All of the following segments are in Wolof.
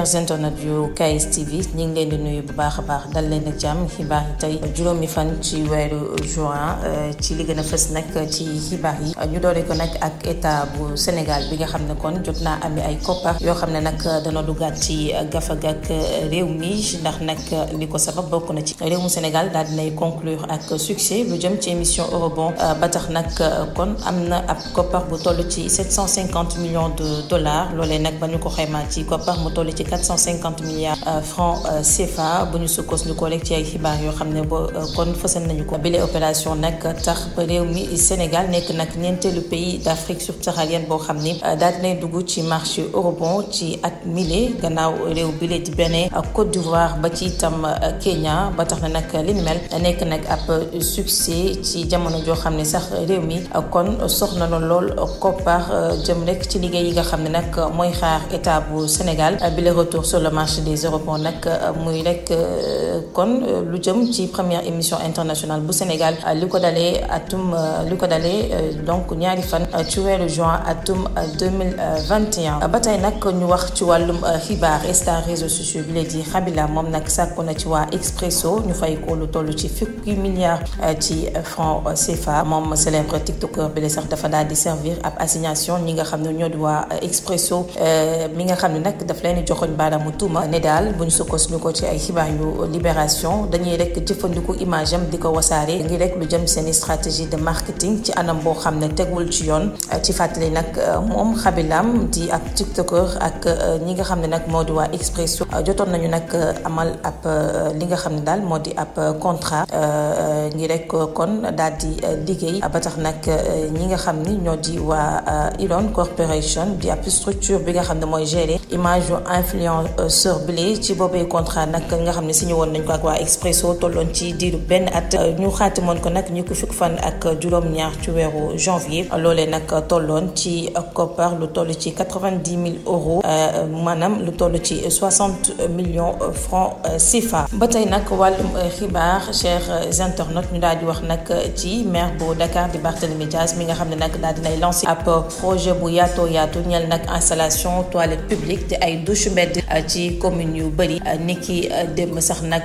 chers internautes yu KSTV ñu ngi leen di nuyu bu baax a baax dal leen ak jàmm xibaar yi tey juróomi fan ci weeru juin euh, ci li gën a fes nag ci xibaar yi ñu doore ko nag ak état bu Sénégal bi nga xam ne kon jot naa amee ay koppar yoo xam ne nag dana duggaat ci gafag ak réew mi ndax nag li ko sabab bokk na ci réew mu Sénégal daal dinay conclure ak succès lu jëm ci émission eurobond euh, ba tax nag euh, kon am na ab koppar bu toll ci 750 millions de dollars loolee nag ba ñu ko xaymaa 450 milliards euh, francs euh, CFA bu ñu sukkandikoo rek ci ay xibaar yoo xam ne boo euh, kon fësal nañu ko bile opération nag tax ba réew mi Sénégal nekk nag ñeenteelu pays d' Afrique subsaharienne boo xam ne daal dinay dugg ci marché eurobond ci ak mile gannaaw réew bile di Bénin ak Côte d'Ivoire ba ci itam Kenya ba tax na nag li mel nekk nag ab succès ci jamono joo xam ne sax réew mi kon soxna na lool koppar jëm rek ci liggéey yi nga xam ne nag mooy xaar état retour sur le marché des eurobonds nag euh, muy rek euh, kon euh, lu jëm ci première émission internationale bu Sénégal li ko dalee atum li ko dalee donc ñaari fan ci weeru juin atum deux mille vingt et un ba tey nag ñu wax ci wàllum xibaar star réseaux sociaux bi la di Xabila moom nag sàkku na ci waa Expresso ñu fay ko lu toll ci fukki milliards ci franc CFA moom célèbre tiktokeur bi la sax dafa daal di ab assignation ñi nga xam ne ñoo di waa Expresso mi nga xam ne nag joxoñ baaraamu tuuma ne daal bu ñu sukkandikoo ci ay xibaar yu libération dañuy rek jëfandiku image am di ko wasaare ngi rek lu jëm seen stratégie de marketing ci anam boo xam ne tegul ci yoon ci fàttali nag moom xabilam di ab tiktoker ak euh, ñi nga xam ne nag moo di waa expression euh, jotoon nañu nag euh, amal ab li nga xam ne daal moo di ab contrat ngi rek kon daal di liggéey ba tax nag ñi nga xam ni ñoo di waa Elon Corporation di ab structure bi nga xam ne mooy influenceur euh, bile ci boobee contrat nag nga xam ne si woon nañ ko ak waa Expresso tolloon ci diiru benn at euh, ñu moon ko nag ñu ko fukk fan ak juróom-ñaar ci weeru janvier euh, loolee nag tolloon ci koppar lu toll ci quatre-vingt-dix mille euros maanaam lu toll ci soixante millions francs CFA. ba tey nag wàllum xibaar chers internautes ñu daal di wax nag ci maire bu Dakar di Barthélémy Dias mi nga xam ne nag daal dinay lancer ab projet bu yaatoo yaatu ñel nag installation toilette publique mbedd euh, ci commune yu bari euh, ni ki euh, démb sax nag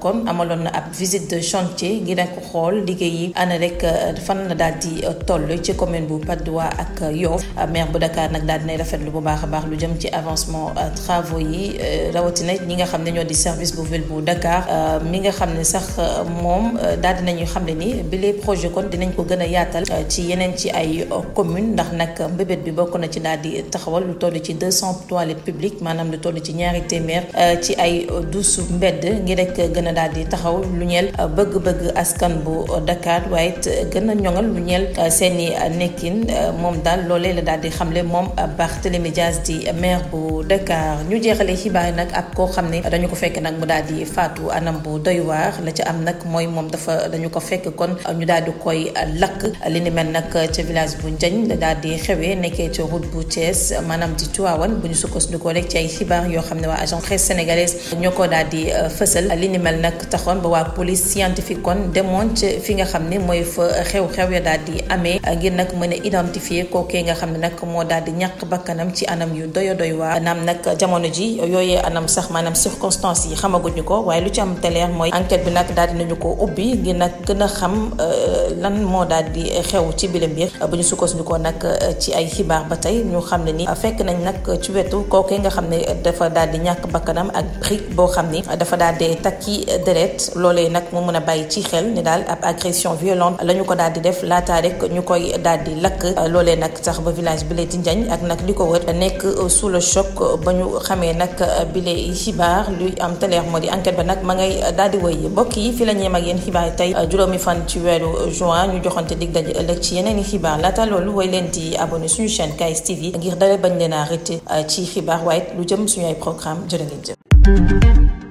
kon amaloon na ab visite de chantier ngir nag xool liggéey yi ana rek fan la daal di toll ci commune bu Patte d'Oie ak Yoff maire bu Dakar nag daal dinay rafetlu bu baax a baax lu jëm ci avancement travaux yi rawatina ñi nga xam ne ñoo di service bu ville bu Dakar mi nga xam ne sax moom daal dinañu xam ne ni bi projet projets kon dinañ ko gën a yaatal ci yeneen ci ay commune ndax nag mbébét bi bokk na ci daal di lu toll ci ñaari téeméer euh, ci ay duusu mbedd ngir rek gën a daal di taxaw lu ñeel euh, bëgg-bëgg askan bu Dakar waaye it euh, gën a ñoŋal lu ñeel seen nekkin moom daal loolee la daal di xamle moom Barthélémy Dias di maire bu Dakar ñu jeexale xibaar nag ak koo xam ne dañu ko fekk nag mu daal di faatu anam bu doy waax la ca am nag mooy moom dafa dañu ko fekk kon ñu daal di koy lakk li ni nag ca village bu Ndiagne la daal di xewee nekkee ca route bu Thiès maanaam di Tivaouane bu ñu xibaar yoo xam ne waa agence presse sénégalaise ñoo ko daal di euh, fësal li taxoon ba waa police scientifique kon demoon ci fi nga xam ne mooy fa xew-xew ya daal di amee ngir nag mën a identifier kookee nga xam ne nag moo daal di ñàkk bakkanam ci anam yu doyo doy waa naam nag jamono ji yooyee anam sax maanaam circonstances yi xamaguñu ko waaye lu ci am te leer mooy enquête bi nag daal di ko ubbi ngir nag gën a xam euh, lan moo daal di xew ci bile mbir bu nag euh, ci ay xibaar ci wetu kookee nga xam ne dafa daal di ñàkk bakkanam ak brique boo xam ni dafa daal di takki deret loolee nag mu mën a bàyyi ci xel ni daal ab agression violente la ñu ko daal di def laataa rek ñu koy daal di lakk loolee nag sax ba village bi la di Njañ ak nag li ko wër nekk sous le choc ba ñu xamee nag bile xibaar luy am teleer moo di enquête ba nag ma ngay daal woy wëy mbokk yi fi la ñeem ak yéen xibaar yi tey juróomi fan ci weeru juin ñu joxante dig daje ëllëg ci yeneen i xibaar laata loolu way leen di abonné suñu chaîne KS TV ngir dale bañ leen a arrêté ci xibaar suñu ay programme jërë ngeen jëf